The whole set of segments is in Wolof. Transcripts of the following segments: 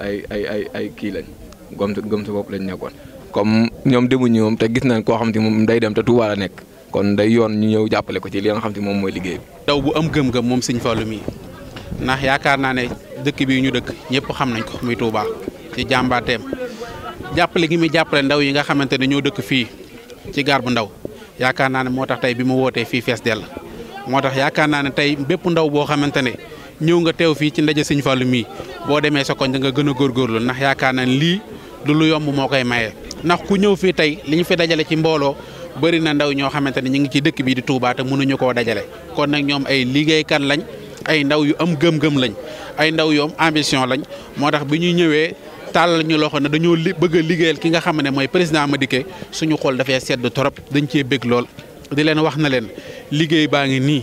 ay ay ay kii lañ gom gom sa bopp lañ nekkoon comme ñoom demuñu moom te gis nañ koo xam te moom day dem te Touba nekk kon day yoon ñu ñëw jàppale ko ci li nga xam te moom mooy liggéey bi. daw bu am gëm-gëm moom sëñ Fallou mii ndax yaakaar naa ne dëkk bii ñu dëkk ñëpp xam nañ ko muy Touba ci jàmbaateem jàppale gi mu jàppale ndaw yi nga xamante ne ñoo dëkk fii ci gaar bu ndaw yaakaar naa ne moo tax tey bi mu wootee fii fees dell moo tax yaakaar naa ne tey bépp ndaw boo xamante ne ñëw nga teew fii ci ndaje sëñ Fallou mii boo demee sa koñ da nga gën a góorgóorlu ndax yaakaar na lii lu lu yomb moo koy maye ndax ku ñëw fii tey li ñu fi dajale ci mbooloo bëri na ndaw ñoo xamante ne ñu ngi ci dëkk bii di Touba te mënuñu koo dajale kon nag ñoom ay liggéeykat lañ ay ndaw yu am gëm-gëm lañ ay ndaw yu am ambition lañ moo tax bi ñuy ñëwee tàllal ñu loxo ne dañoo bëgg a liggéeyal ki nga xam ne mooy président Madické suñu xool dafay sedd torop dañ cee bég di leen wax na leen liggéey baa ngi nii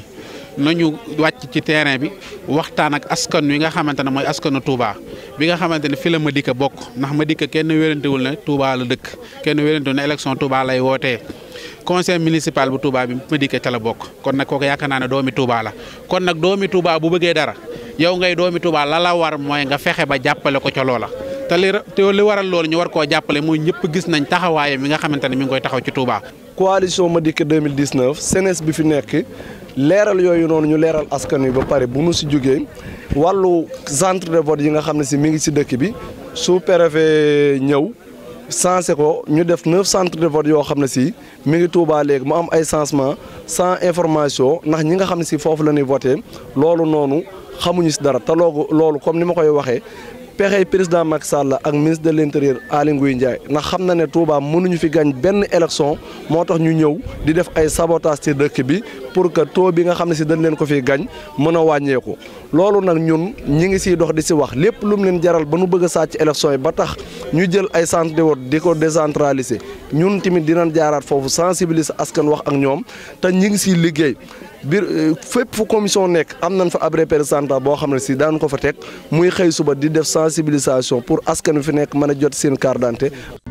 nañu wàcc ci terrain bi waxtaan ak askan wi nga xamante ne mooy askanu Touba bi nga xamante ne fi la Madické bokk ndax ma dikk kenn wérantewul ne Touba la dëkk kenn wérantewul ne élection Touba lay wootee conseil municipal bu Touba bi ma Madické ca la bokk kon nag kooku yaakaar naa ne doomi Touba la kon nag doomi Touba bu bëggee dara yow ngay doomi Touba la la war mooy nga fexe ba jàppale ko ca loola te li waral loolu ñu war koo jàppale mooy ñëpp gis nañ taxawaayam mi nga xamante ne mi ngi koy taxaw ci Touba. coalition Madické 2019 CNES bi fi nekk. leeral yooyu noonu ñu leeral askan wi ba pare bu nu si jógee wàllu centre de vote yi nga xam ne si mi ngi si dëkk bi su préfet ñëw sensé ko ñu def neuf centre de vote yoo xam ne si mi ngi Touba léegi mu am ay changement sans information ndax ñi nga xam ne si foofu la ñuy voté loolu noonu xamuñu si dara te loogu loolu comme ni ma koy waxee pexey président Macky Sall ak ministre de l' intérieur Aly Ngouille Ndiaye ndax xam na ne Touba mënuñu fi gañ benn élection moo tax ñu ñëw di def ay sabotage ci dëkk bi pour que taux bi nga xam ne si dañ leen ko fi gañ mën a wàññeeku. loolu nag ñun ñi ngi siy dox di si wax lépp lu mu leen jaral ba nu bëgg sàcc élection yi ba tax ñu jël ay centre de di ko décentraliser. ñun tamit dinañ jaaraat foofu sensibiliser askan wax ak ñoom te ñu ngi siy liggéey biir euh, fépp fu commission nekk am nañ fa ab représentant boo xam ne si daan ko fa teg muy xëy suba di def sensibilisation pour askan wi fi nekk mën a jot seen carte d'identité